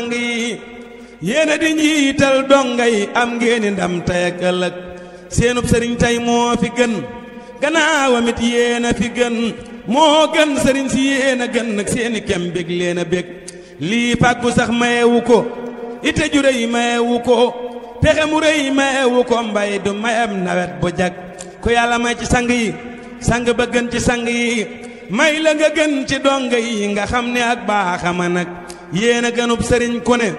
sang yi yéena di njiital donga yi am ngeeni ndam tey ak ëllëg seenub sëriñ tey moo fi gën gannaawam it yéena fi gën moo gën sëriñ si yéena gën nag seeni kem bég leen a bég lii pàggu sax mayewu ko ite ju rëy mayewu ko pexe mu rëy mayewu ko mbay du mayam nawet bu jag ku yàlla may ci sang yi sang ba gën ci sang yi may la nga gën ci donga yi nga xam ne ak baaxama nag yéen a gënub sëriñ ku ne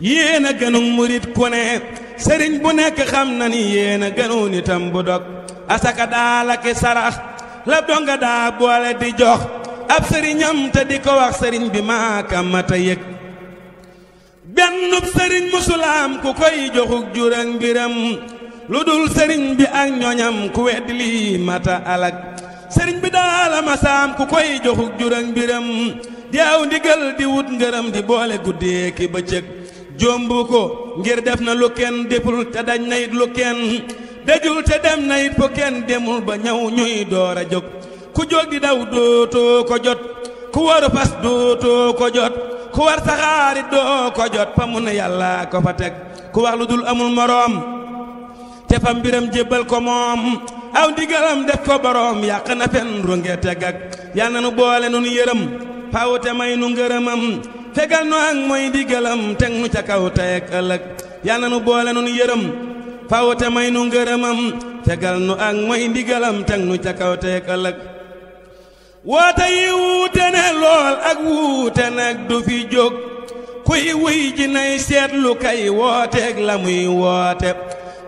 yéen a murit ku ne sëriñ bu nekk xam na ni yéen a gënu nitam bu dog asaka daa sarax la donga daa boole di jox ab sëriñam te di ko wax sëriñ bi maaka mata yëg bennub sëriñ musulaam ku koy joxug jur mbiram lu dul sëriñ bi ak ñoñam ku weddi lii mata alag sëriñ bi daala ku koy joxug jur mbiram di aw ndigal di wut ngërëm di boole guddee ki bëccëg jombu ko ngir def na lu kenn deful te daj na it lu kenn dajul ba ñaw ñuy door a jóg ku jóg di daw dootoo ko jot ku waru fas dootoo ko jot ku war saxaarit doo ko jot fa mu ne yàlla ko fa teg ku wax lu dul amul moroom te fa mbiram jébbal ko moom aw ndigalam def ko boroom yàq na fen runge teg yàlla na nu boole nu yërëm faw te may nu ngërëmam fegal nu ak mooy digalam teg nu ca kaw tey ak ëllëg yàlla nu boole nun yërëm faw te may nu ngërëmam fegal nu ak mooy digalam teg nu ca kaw tey ak ëllëg woote yi wuute ne lool ak wuute nag du fi jóg kuy wuy ji nay seetlu kay wooteeg la muy woote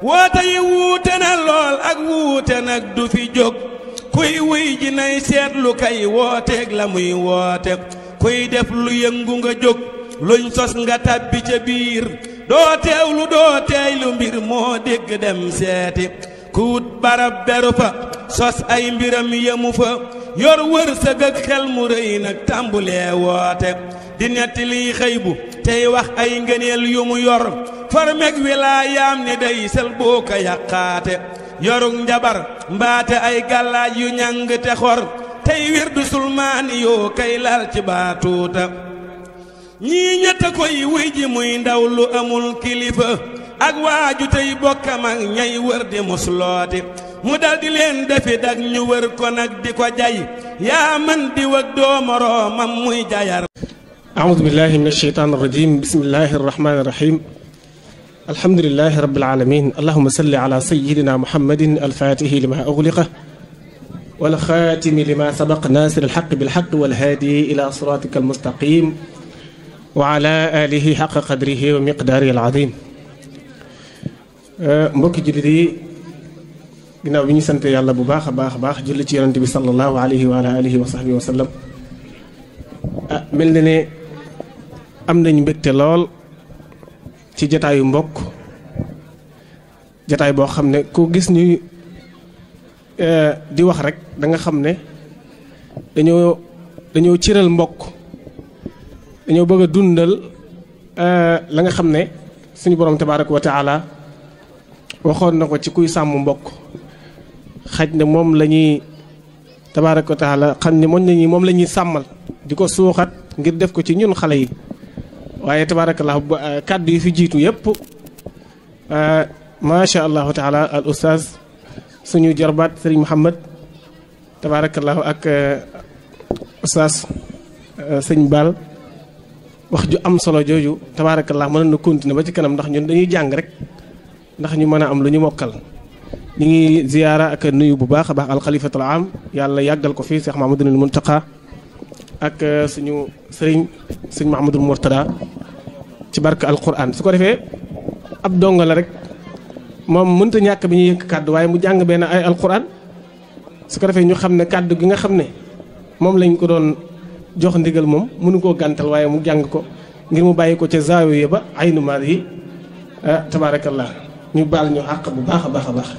woote yi wuute ne lool ak wuute nag du fi jóg kuy wuy ji nay seetlu kay wooteeg la muy woote kuy def lu yëngu nga jóg luñ sos nga tàbbi ca biir doo teewlu doo teeylu mbir moo dégg dem seeti ku wut barab beru sos ay mbiram yemu fa yor wër sëg ak xel mu rëy nag tàmbulee woote di netti liy xëy bu tey wax ay ngëneel yu mu yor farmeg wilaayaam ni day sel boo ko yàqaate yorug njabar mbaate ay gàllaaj yu ñàng te xor tey wirdu sulmaani yoo kay laal ci baatuuta ñii ñett koy wuy ji muy ndaw lu amul kilifa ak waaju tey bokkam ak ñay wër di muslooti mu dal di leen defi dag ñu wër ko nag di ko jay yaa man di wag doo moroomam muy jayar aoudu billahi min alsheytaan arrajim bismillahi arrahmani irrahim alhamdulilahi rabil alamin allahuma salli ala sayidina muhammadin alfaatihi lima ugliqa wal xaatimi lima sabaq naasir alxaq bilxaq walhaadi ila siratika almustaqim wa ala alihi xaqa qadrihi wa miqdaarihi alazim euh, mbokki jullit yi ginnaaw bi ñu sant yàlla bu baax a baax a baax julli ci yonante bi salallahu alayhi wa ala alihi wa sahbihi wa sallam ah mel na ne am nañu mbégte lool ci jataayu mbokk jataay boo xam ne ku gis ñuy e, di wax rek danga xam ne dañoo dañoo ciral mbokk dañoo bëgg a dundal e, la nga xam ne suñu borom tabaaraka wa taala waxoon na ko ci kuy sàmm mbokk xaj ne moom lañuy ñuy tabaaraka wa xam ne moom la ñuy moom lañuy sàmmal di ko suuxat ngir def ko ci ñun xale yi waaye tabaarakallah eh, kàddu yi fi jiitu yëpp eh, macha allahu taala al ustaz suñu jarbaat sëriñ Mouhamed tabaarakallah ak eh, ustaz sëñ Baal wax ju am solo jooju tabaarakallah mënoon na continuer ba ci kanam ndax ñun dañuy jàng rek ndax ñu mën a am lu ñu mokkal. ñu ngi ziyaara ak nuyu bu baax a baax alxalifatul am yàlla yàggal ko fii Cheikh Mahmadul Muntaqa ak suñu sëriñ sëñ Mahmadul Mourtada ci barke alquran su ko defee ab dong la rek moom mënta ñàkk bi ñuy yëkk kàddu waaye mu jàng bee benn ay alquran su ko defee ñu xam ne kàddu gi nga xam ne moom lañ ko doon jox ndigal moom mënu koo gàntal waaye mu jàng ko ngir mu bàyyi ko ca zaawiya ba ay numaar yi ah, tabaarakallah ñu baal ñu àq bu baax a baax a baax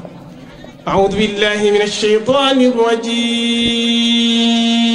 أعوذ بالله من الشيطان الرجيم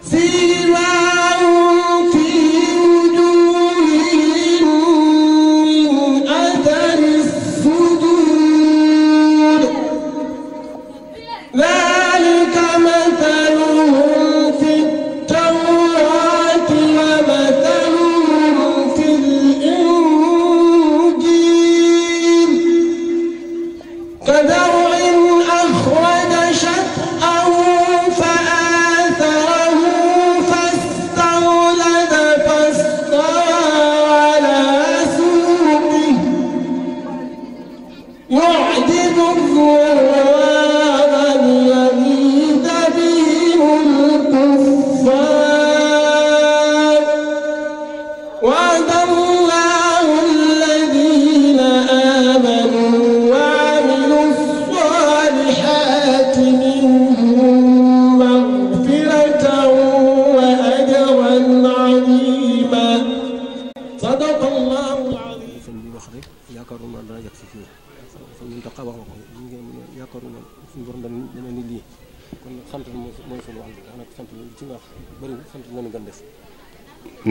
si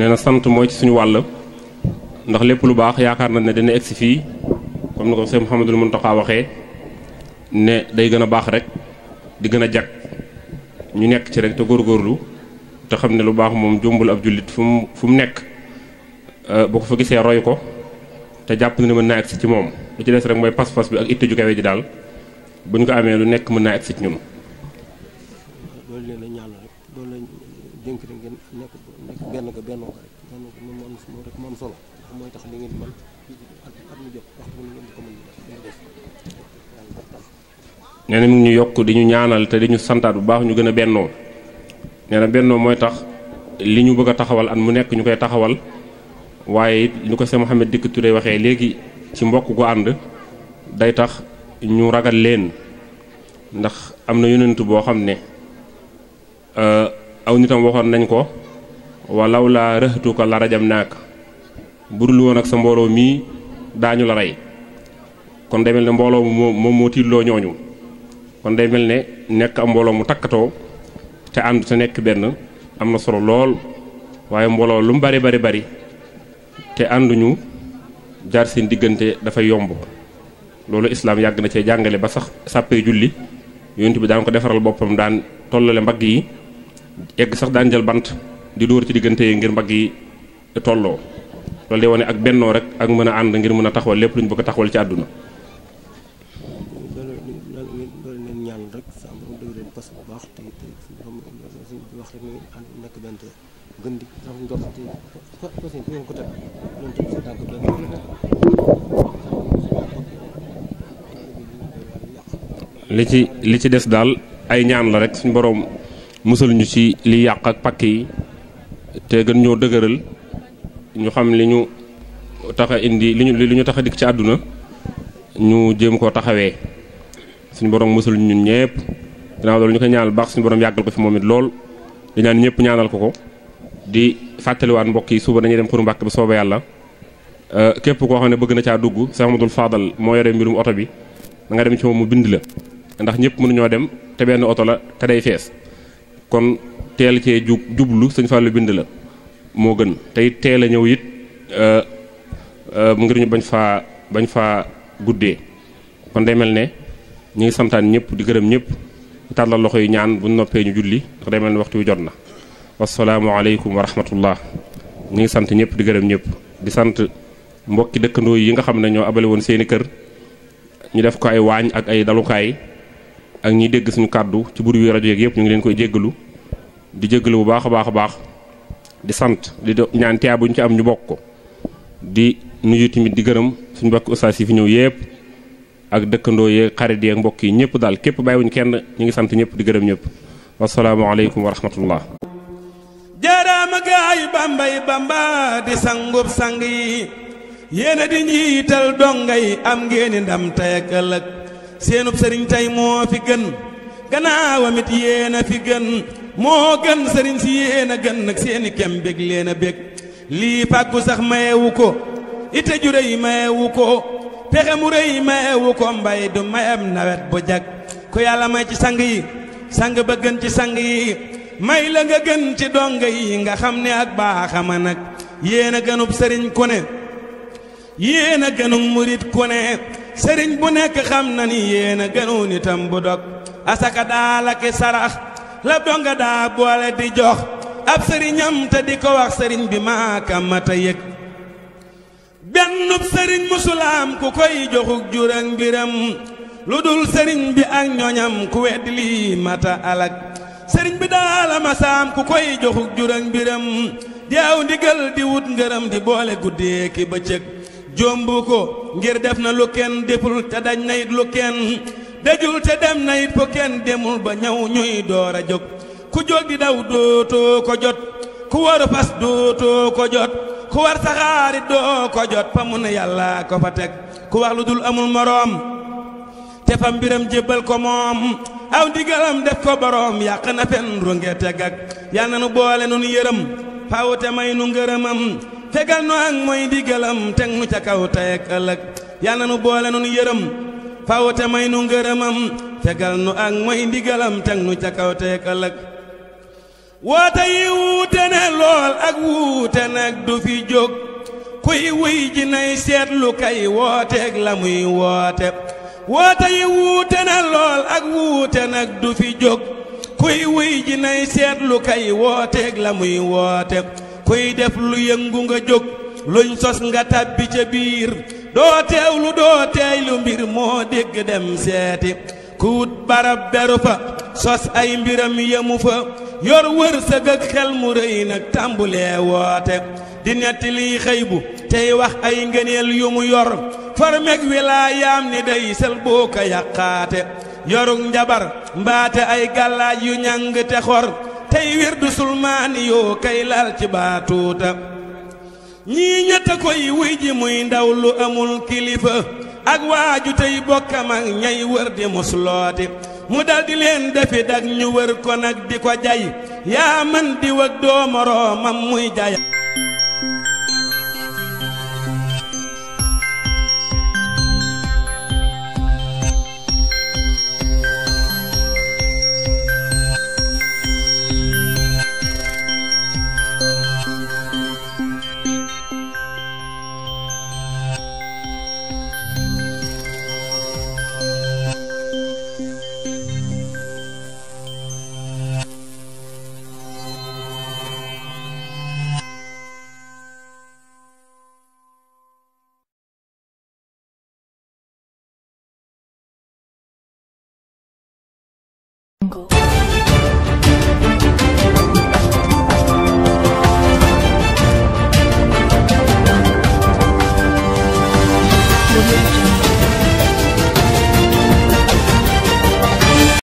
nee na sant mooy ci suñu wàll ndax lépp lu baax yaakaar na ne dana egsi fii comme ni ko sëñ Mouhamadul Mountakha waxee ne day gën a baax rek di gën a jag ñu nekk ci rek te góorlu te xam ne lu baax moom jombul ab jullit fu mu fu mu nekk euh, boo ko fa gisee roy ko te jàpp na ne mën naa egsi ci moom lu ci des rek mooy pas-pas bi ak itte ju kawe ji daal bu ñu ko amee lu nekk mën naa egsi ci ñun benn ga ko rek moo rek moo ngi ñu yokk di ñu ñaanal te di ñu santaat bu baax ñu gën a bennoo nee bennoo mooy tax li ñu bëgg a taxawal at mu nekk ñu koy taxawal waaye it ñu ko Cheikh Mouhamed Dikk Touré waxee léegi ci mbokk gu ànd day tax ñu ragal leen ndax am na yonent boo xam ne euh, aw nitam waxoon nañ ko walaw laa rëxtu ko la rajam naak budul woon ak sa mbooloo mii daañu la kon day mel ne mbooloo mu moom moo ñooñu kon day mel ne nekk am mbooloo mu takkatoo te ànd sa nekk benn am na solo lool waaye mbooloo lu mu bari bari bari te ànduñu jaar seen diggante dafay yomb loolu islaam yàgg na cee jàngale ba sax sàppee julli yonent bi daan ko defaral boppam daan tollale mbagg yi egg sax daan jël bant di dóor ci diggante ngir mbagg yi tolloo day wane ak bennoo rek ak mën ànd ngir mën a taxawal lépp lu ñu bëgg a taxawal ci àdduna li ci li ci des daal ay ñaan la rek suñ boroom musaluñu ci li yàq ak pakk yi te gën ñoo dëgëral ñu xam li ñu tax a indi li ñu li ñu tax a dikk ci àdduna ñu jéem koo taxawee suñu borom mosul ñun ñëpp ginnaaw loolu ñu koy ñaanal baax suñu boroom yàggal ko fi moom it lool di ñaan ñëpp ñaanal ko ko di fàttaliwaat mbokk yi suba dañuy dem xuru mbàkk bi sooba yàlla euh, képp koo xam ne bëgg na caa dugg Cheikh Amadou Fadal moo yore mbirum oto bi da nga dem ci moom mu bind la ndax ñëpp mënuñoo dem te benn oto la te day fees kon teel cee jug jublu sëñ Fallou bind la moo gën tey teel a ñëw it euh, euh, ngir ñu bañ faa bañ faa guddee kon day mel ne ñu ngi santaan ñëpp di gërëm ñëpp tàllal loxo yi ñaan bu noppee ñu julli ndax day mel ne waxtu wi jot na wasalaamualeykum wa rahmatullah ñu ngi sant ñëpp di gërëm ñëpp di sant mbokki dëkkandoo yi nga xam ne ñoo abale woon seeni kër ñu def ko ay waañ ak ay dalukaay ak ñiy dégg suñu kàddu ci bur wi rajo yeeg ñu ngi leen koy jéggalu di jégalu bu baax a baax a baax di sant di ñaan tiyaa bu ñu ci am ñu bokk ko di nuyu tamit di gërëm suñu mbokk ustaas yi fi ñëw yëpp ak dëkkandoo yeeg xarit yeeg mbokk yi ñëpp daal képp bàyyiwuñ kenn ñu ngi sant ñëpp di gërëm ñëpp wasalaamualeykum wa rahmatullah jaaraama gaay bamba yi bamba di sangub sang yi yéena di njiital dongay am ngeeni ndam tey a ëllëg seenub sëriñ tey moo fi gën gannaawam it yéena fi gën moo gën sëriñ si yéen gën nag seeni kem bég leen a bég lii pàggu sax mayewu ko ite ju rëy mayewu ko pexe mu rëy mayewu ko mbay du mayam nawet bu jag ku yàlla may ci sang yi sang ba gën ci sang yi may la nga gën ci donga yi nga xam ne ak baaxama nag yéen a gënub sëriñ ku ne yéen a gënub murit ku ne sëriñ bu nekk xam na ni yéen a gënu nitam bu dog asaka daalaki sarax la donga daa boole di jox ab sëriñam te di ko wax sëriñ bi maaka mata yëg bennub sëriñ musulaam ku koy joxuk jur ak mbiram lu dul sëriñ bi ak ñoñam ku wedd lii mata alak sëriñ bi daala ku koy joxuk jur ak mbiram di aw ndigal di wut ngërëm di boole guddee ki bëccëg jombu ko ngir def na lu kenn deful te dañ na lu kenn dajul te dem na it kenn demul ba ñëw ñuy door jóg ku jóg di daw dootoo ko jot ku waru fas dootoo ko jot ku war saxaari doo ko jot fa mun yàlla ko fa teg ku wax lu dul amul moroom te fa mbiram jébbal ko moom aw ndigalam def ko boroom yàq na fen runge teg yàlla na nu boole nun yërëm faw te may nu ngërëmam fegal nu ak mooy ndigalam teg nu ca kaw tey ëllëg yàlla na nu boole nun yërëm faw te may nu ngërëmam fegal nu ak mooy ndigalam teg nu ca kaw te ëllëg woote yi wuute ne lool ak wuute nag du fi jóg kuy wuy ji nay seetlu yi wuute la muy woote kuy def lu yëngu nga jóg luñ sos nga tàbbi ca biir doo teewlu doo teeylu mbir moo dégg dem seeti ku barab beru fa sos ay mbiram yemu fa yor wërsëg ak xel mu rëy nag tàmbulee woote di netti liy xëy tey wax ay ngëneel yu mu yor formeg wilaayaam ni day sel boo ko yàqaate yorug njabar mbaate ay gàllaaj yu ñàng te xor tey wirdu sulmaani yoo kay laal ci baatuuta ñii ñett koy wuy ji muy ndaw lu amul kilifa ak waaju tey bokkam ak ñay wër di muslooti mu dal di leen defi dag ñu wër ko nag di ko jay yaa man di wag doo muy jaya